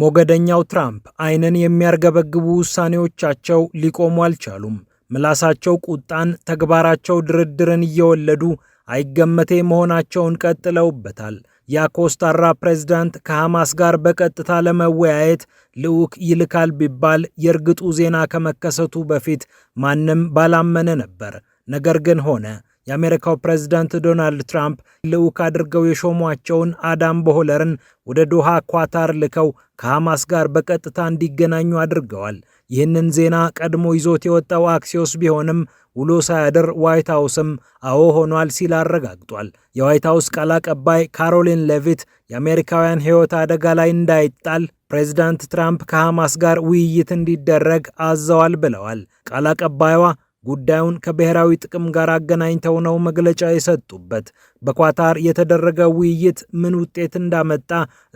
ሞገደኛው ትራምፕ አይንን የሚያርገበግቡ ውሳኔዎቻቸው ሊቆሙ አልቻሉም። ምላሳቸው ቁጣን፣ ተግባራቸው ድርድርን እየወለዱ አይገመቴ መሆናቸውን ቀጥለውበታል። የአኮስታራ ፕሬዝዳንት ከሐማስ ጋር በቀጥታ ለመወያየት ልዑክ ይልካል ቢባል የእርግጡ ዜና ከመከሰቱ በፊት ማንም ባላመነ ነበር። ነገር ግን ሆነ። የአሜሪካው ፕሬዝዳንት ዶናልድ ትራምፕ ልዑክ አድርገው የሾሟቸውን አዳም ቦሆለርን ወደ ዶሃ ኳታር ልከው ከሐማስ ጋር በቀጥታ እንዲገናኙ አድርገዋል። ይህንን ዜና ቀድሞ ይዞት የወጣው አክሲዮስ ቢሆንም ውሎ ሳያድር ዋይት ሀውስም አዎ ሆኗል ሲል አረጋግጧል። የዋይት ሀውስ ቃል አቀባይ ካሮሊን ሌቪት የአሜሪካውያን ሕይወት አደጋ ላይ እንዳይጣል ፕሬዚዳንት ትራምፕ ከሐማስ ጋር ውይይት እንዲደረግ አዘዋል ብለዋል። ቃል አቀባይዋ ጉዳዩን ከብሔራዊ ጥቅም ጋር አገናኝተው ነው መግለጫ የሰጡበት። በኳታር የተደረገው ውይይት ምን ውጤት እንዳመጣ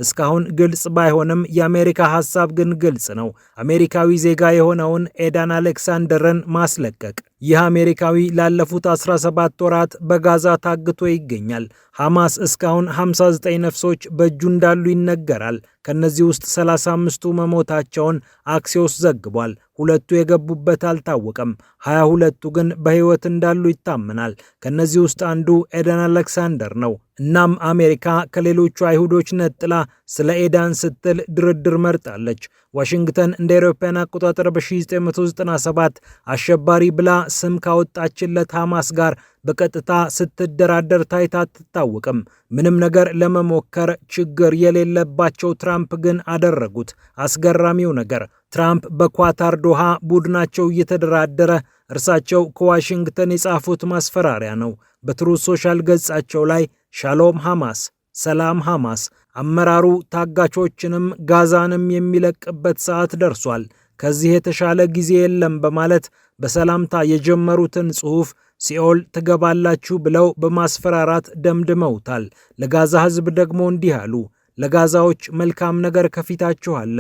እስካሁን ግልጽ ባይሆንም የአሜሪካ ሀሳብ ግን ግልጽ ነው። አሜሪካዊ ዜጋ የሆነውን ኤዳን አሌክሳንደርን ማስለቀቅ ይህ አሜሪካዊ ላለፉት 17 ወራት በጋዛ ታግቶ ይገኛል። ሐማስ እስካሁን 59 ነፍሶች በእጁ እንዳሉ ይነገራል። ከነዚህ ውስጥ 35ቱ መሞታቸውን አክሲዮስ ዘግቧል። ሁለቱ የገቡበት አልታወቀም። 22ቱ ግን በሕይወት እንዳሉ ይታመናል። ከነዚህ ውስጥ አንዱ ኤደን አሌክሳንደር ነው። እናም አሜሪካ ከሌሎቹ አይሁዶች ነጥላ ስለ ኤዳን ስትል ድርድር መርጣለች። ዋሽንግተን እንደ አውሮፓውያን አቆጣጠር በ1997 አሸባሪ ብላ ስም ካወጣችለት ሐማስ ጋር በቀጥታ ስትደራደር ታይታ አትታወቅም። ምንም ነገር ለመሞከር ችግር የሌለባቸው ትራምፕ ግን አደረጉት። አስገራሚው ነገር ትራምፕ በኳታር ዶሃ ቡድናቸው እየተደራደረ እርሳቸው ከዋሽንግተን የጻፉት ማስፈራሪያ ነው። በትሩ ሶሻል ገጻቸው ላይ ሻሎም ሐማስ፣ ሰላም ሐማስ። አመራሩ ታጋቾችንም ጋዛንም የሚለቅበት ሰዓት ደርሷል፣ ከዚህ የተሻለ ጊዜ የለም በማለት በሰላምታ የጀመሩትን ጽሑፍ ሲኦል ትገባላችሁ ብለው በማስፈራራት ደምድመውታል። ለጋዛ ሕዝብ ደግሞ እንዲህ አሉ። ለጋዛዎች መልካም ነገር ከፊታችሁ አለ።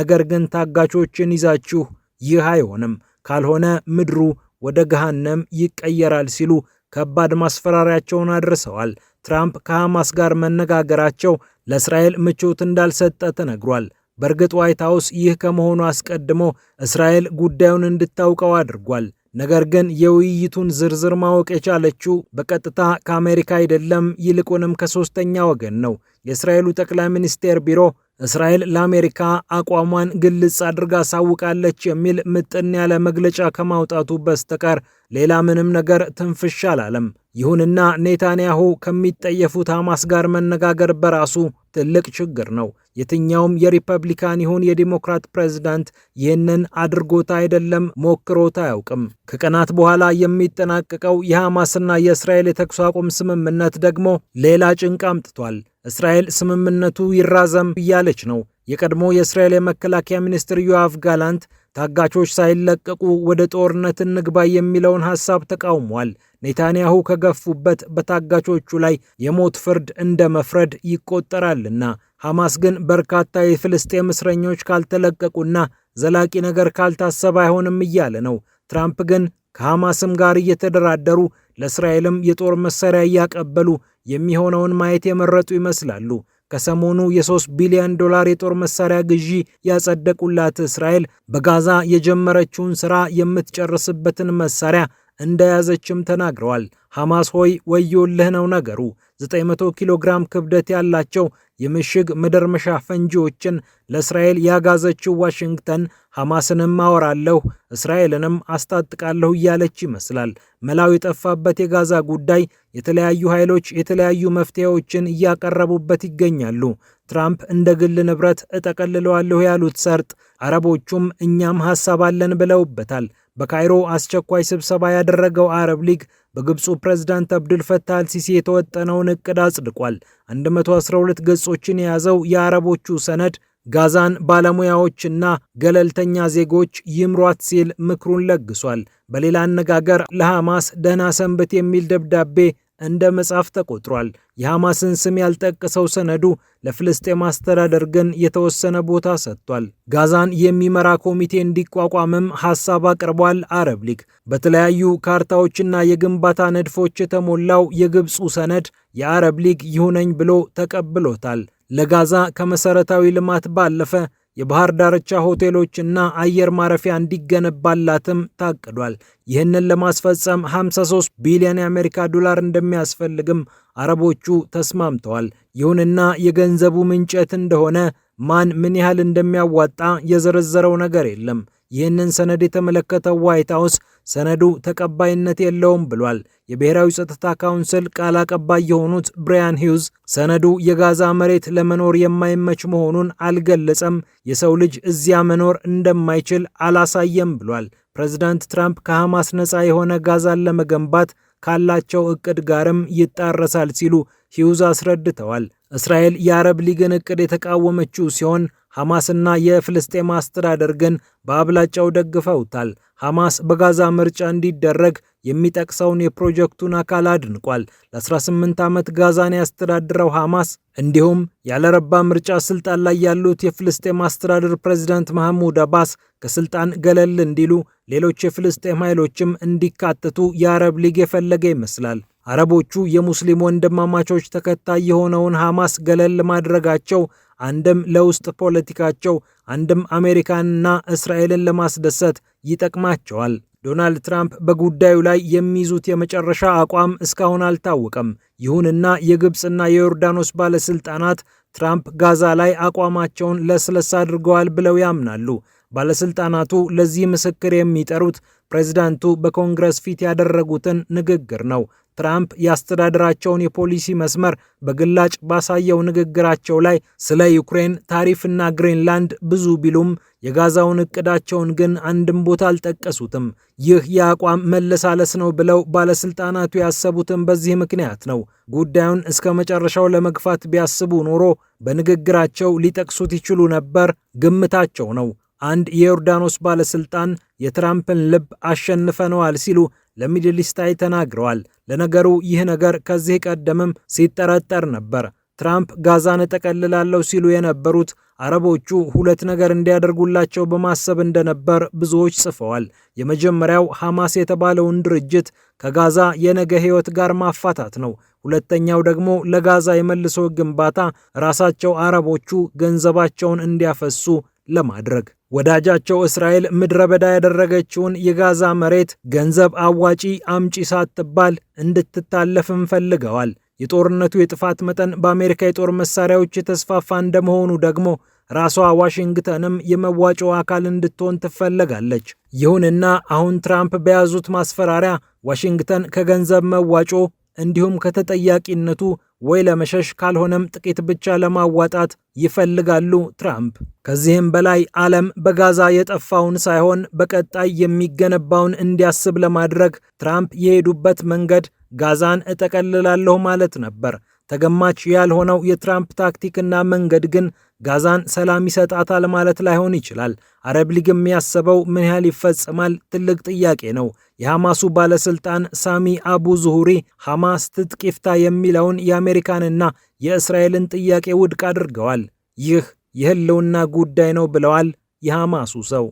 ነገር ግን ታጋቾችን ይዛችሁ ይህ አይሆንም፣ ካልሆነ ምድሩ ወደ ገሃነም ይቀየራል ሲሉ ከባድ ማስፈራሪያቸውን አድርሰዋል። ትራምፕ ከሐማስ ጋር መነጋገራቸው ለእስራኤል ምቾት እንዳልሰጠ ተነግሯል። በእርግጥ ዋይት ሀውስ ይህ ከመሆኑ አስቀድሞ እስራኤል ጉዳዩን እንድታውቀው አድርጓል። ነገር ግን የውይይቱን ዝርዝር ማወቅ የቻለችው በቀጥታ ከአሜሪካ አይደለም፣ ይልቁንም ከሶስተኛ ወገን ነው። የእስራኤሉ ጠቅላይ ሚኒስቴር ቢሮ እስራኤል ለአሜሪካ አቋሟን ግልጽ አድርጋ አሳውቃለች የሚል ምጥን ያለ መግለጫ ከማውጣቱ በስተቀር ሌላ ምንም ነገር ትንፍሻ አላለም። ይሁንና ኔታንያሁ ከሚጠየፉት ሐማስ ጋር መነጋገር በራሱ ትልቅ ችግር ነው። የትኛውም የሪፐብሊካን ይሁን የዲሞክራት ፕሬዝዳንት ይህንን አድርጎት አይደለም ሞክሮት አያውቅም። ከቀናት በኋላ የሚጠናቀቀው የሐማስና የእስራኤል የተኩስ አቁም ስምምነት ደግሞ ሌላ ጭንቅ አምጥቷል። እስራኤል ስምምነቱ ይራዘም እያለች ነው። የቀድሞ የእስራኤል የመከላከያ ሚኒስትር ዮአፍ ጋላንት ታጋቾች ሳይለቀቁ ወደ ጦርነት እንግባ የሚለውን ሐሳብ ተቃውሟል። ኔታንያሁ ከገፉበት በታጋቾቹ ላይ የሞት ፍርድ እንደ መፍረድ ይቆጠራልና። ሐማስ ግን በርካታ የፍልስጤም እስረኞች ካልተለቀቁና ዘላቂ ነገር ካልታሰበ አይሆንም እያለ ነው። ትራምፕ ግን ከሐማስም ጋር እየተደራደሩ ለእስራኤልም የጦር መሳሪያ እያቀበሉ የሚሆነውን ማየት የመረጡ ይመስላሉ። ከሰሞኑ የ3 ቢሊዮን ዶላር የጦር መሳሪያ ግዢ ያጸደቁላት እስራኤል በጋዛ የጀመረችውን ስራ የምትጨርስበትን መሳሪያ እንደያዘችም ተናግረዋል። ሐማስ ሆይ ወዮልህ ነው ነገሩ። 900 ኪሎ ግራም ክብደት ያላቸው የምሽግ መደርመሻ ፈንጂዎችን ለእስራኤል ያጋዘችው ዋሽንግተን ሐማስንም አወራለሁ እስራኤልንም አስታጥቃለሁ እያለች ይመስላል። መላው የጠፋበት የጋዛ ጉዳይ የተለያዩ ኃይሎች የተለያዩ መፍትሄዎችን እያቀረቡበት ይገኛሉ። ትራምፕ እንደ ግል ንብረት እጠቀልለዋለሁ ያሉት ሰርጥ አረቦቹም እኛም ሐሳብ አለን ብለውበታል። በካይሮ አስቸኳይ ስብሰባ ያደረገው አረብ ሊግ በግብፁ ፕሬዝዳንት አብዱል ፈታህ አልሲሲ የተወጠነውን እቅድ አጽድቋል። 112 ገጾችን የያዘው የአረቦቹ ሰነድ ጋዛን ባለሙያዎችና ገለልተኛ ዜጎች ይምሯት ሲል ምክሩን ለግሷል። በሌላ አነጋገር ለሐማስ ደህና ሰንብት የሚል ደብዳቤ እንደ መጽሐፍ ተቆጥሯል። የሐማስን ስም ያልጠቀሰው ሰነዱ ለፍልስጤም አስተዳደር ግን የተወሰነ ቦታ ሰጥቷል። ጋዛን የሚመራ ኮሚቴ እንዲቋቋምም ሐሳብ አቅርቧል። አረብ ሊግ በተለያዩ ካርታዎችና የግንባታ ንድፎች የተሞላው የግብፁ ሰነድ የአረብ ሊግ ይሁነኝ ብሎ ተቀብሎታል። ለጋዛ ከመሠረታዊ ልማት ባለፈ የባህር ዳርቻ ሆቴሎች እና አየር ማረፊያ እንዲገነባላትም ታቅዷል። ይህንን ለማስፈጸም 53 ቢሊዮን የአሜሪካ ዶላር እንደሚያስፈልግም አረቦቹ ተስማምተዋል። ይሁንና የገንዘቡ ምንጨት እንደሆነ ማን ምን ያህል እንደሚያዋጣ የዘረዘረው ነገር የለም። ይህንን ሰነድ የተመለከተው ዋይት ሀውስ ሰነዱ ተቀባይነት የለውም ብሏል። የብሔራዊ ጸጥታ ካውንስል ቃል አቀባይ የሆኑት ብራያን ሂውዝ ሰነዱ የጋዛ መሬት ለመኖር የማይመች መሆኑን አልገለጸም፣ የሰው ልጅ እዚያ መኖር እንደማይችል አላሳየም ብሏል። ፕሬዚዳንት ትራምፕ ከሐማስ ነፃ የሆነ ጋዛን ለመገንባት ካላቸው እቅድ ጋርም ይጣረሳል ሲሉ ሂውዝ አስረድተዋል። እስራኤል የአረብ ሊግን እቅድ የተቃወመችው ሲሆን ሐማስና የፍልስጤም አስተዳደር ግን በአብላጫው ደግፈውታል። ሐማስ በጋዛ ምርጫ እንዲደረግ የሚጠቅሰውን የፕሮጀክቱን አካል አድንቋል። ለ18 ዓመት ጋዛን ያስተዳድረው ሐማስ እንዲሁም ያለረባ ምርጫ ስልጣን ላይ ያሉት የፍልስጤም አስተዳደር ፕሬዚዳንት መሐሙድ አባስ ከስልጣን ገለል እንዲሉ፣ ሌሎች የፍልስጤም ኃይሎችም እንዲካተቱ የአረብ ሊግ የፈለገ ይመስላል። አረቦቹ የሙስሊም ወንድማማቾች ተከታይ የሆነውን ሐማስ ገለል ማድረጋቸው አንድም ለውስጥ ፖለቲካቸው አንድም አሜሪካንና እስራኤልን ለማስደሰት ይጠቅማቸዋል። ዶናልድ ትራምፕ በጉዳዩ ላይ የሚይዙት የመጨረሻ አቋም እስካሁን አልታወቀም። ይሁንና የግብፅና የዮርዳኖስ ባለስልጣናት ትራምፕ ጋዛ ላይ አቋማቸውን ለስለስ አድርገዋል ብለው ያምናሉ። ባለስልጣናቱ ለዚህ ምስክር የሚጠሩት ፕሬዚዳንቱ በኮንግረስ ፊት ያደረጉትን ንግግር ነው። ትራምፕ የአስተዳደራቸውን የፖሊሲ መስመር በግላጭ ባሳየው ንግግራቸው ላይ ስለ ዩክሬን ታሪፍና ግሪንላንድ ብዙ ቢሉም የጋዛውን እቅዳቸውን ግን አንድም ቦታ አልጠቀሱትም። ይህ የአቋም መለሳለስ ነው ብለው ባለስልጣናቱ ያሰቡትም በዚህ ምክንያት ነው። ጉዳዩን እስከ መጨረሻው ለመግፋት ቢያስቡ ኖሮ በንግግራቸው ሊጠቅሱት ይችሉ ነበር፣ ግምታቸው ነው። አንድ የዮርዳኖስ ባለሥልጣን የትራምፕን ልብ አሸንፈነዋል ሲሉ ለሚድልስታይ ተናግረዋል። ለነገሩ ይህ ነገር ከዚህ ቀደምም ሲጠረጠር ነበር። ትራምፕ ጋዛን እጠቀልላለሁ ሲሉ የነበሩት አረቦቹ ሁለት ነገር እንዲያደርጉላቸው በማሰብ እንደነበር ብዙዎች ጽፈዋል። የመጀመሪያው ሐማስ የተባለውን ድርጅት ከጋዛ የነገ ሕይወት ጋር ማፋታት ነው። ሁለተኛው ደግሞ ለጋዛ የመልሶ ግንባታ ራሳቸው አረቦቹ ገንዘባቸውን እንዲያፈሱ ለማድረግ ወዳጃቸው እስራኤል ምድረ በዳ ያደረገችውን የጋዛ መሬት ገንዘብ አዋጪ አምጪ ሳትባል እንድትታለፍም ፈልገዋል። የጦርነቱ የጥፋት መጠን በአሜሪካ የጦር መሳሪያዎች የተስፋፋ እንደመሆኑ ደግሞ ራሷ ዋሽንግተንም የመዋጮ አካል እንድትሆን ትፈለጋለች። ይሁንና አሁን ትራምፕ በያዙት ማስፈራሪያ ዋሽንግተን ከገንዘብ መዋጮ እንዲሁም ከተጠያቂነቱ ወይ ለመሸሽ ካልሆነም ጥቂት ብቻ ለማዋጣት ይፈልጋሉ ትራምፕ። ከዚህም በላይ ዓለም በጋዛ የጠፋውን ሳይሆን በቀጣይ የሚገነባውን እንዲያስብ ለማድረግ ትራምፕ የሄዱበት መንገድ ጋዛን እጠቀልላለሁ ማለት ነበር። ተገማች ያልሆነው የትራምፕ ታክቲክና መንገድ ግን ጋዛን ሰላም ይሰጣታል ማለት ላይሆን ይችላል። አረብ ሊግ የሚያስበው ምን ያህል ይፈጽማል ትልቅ ጥያቄ ነው። የሐማሱ ባለስልጣን ሳሚ አቡ ዙሁሪ ሐማስ ትጥቅ ይፍታ የሚለውን የአሜሪካንና የእስራኤልን ጥያቄ ውድቅ አድርገዋል። ይህ የህልውና ጉዳይ ነው ብለዋል የሐማሱ ሰው።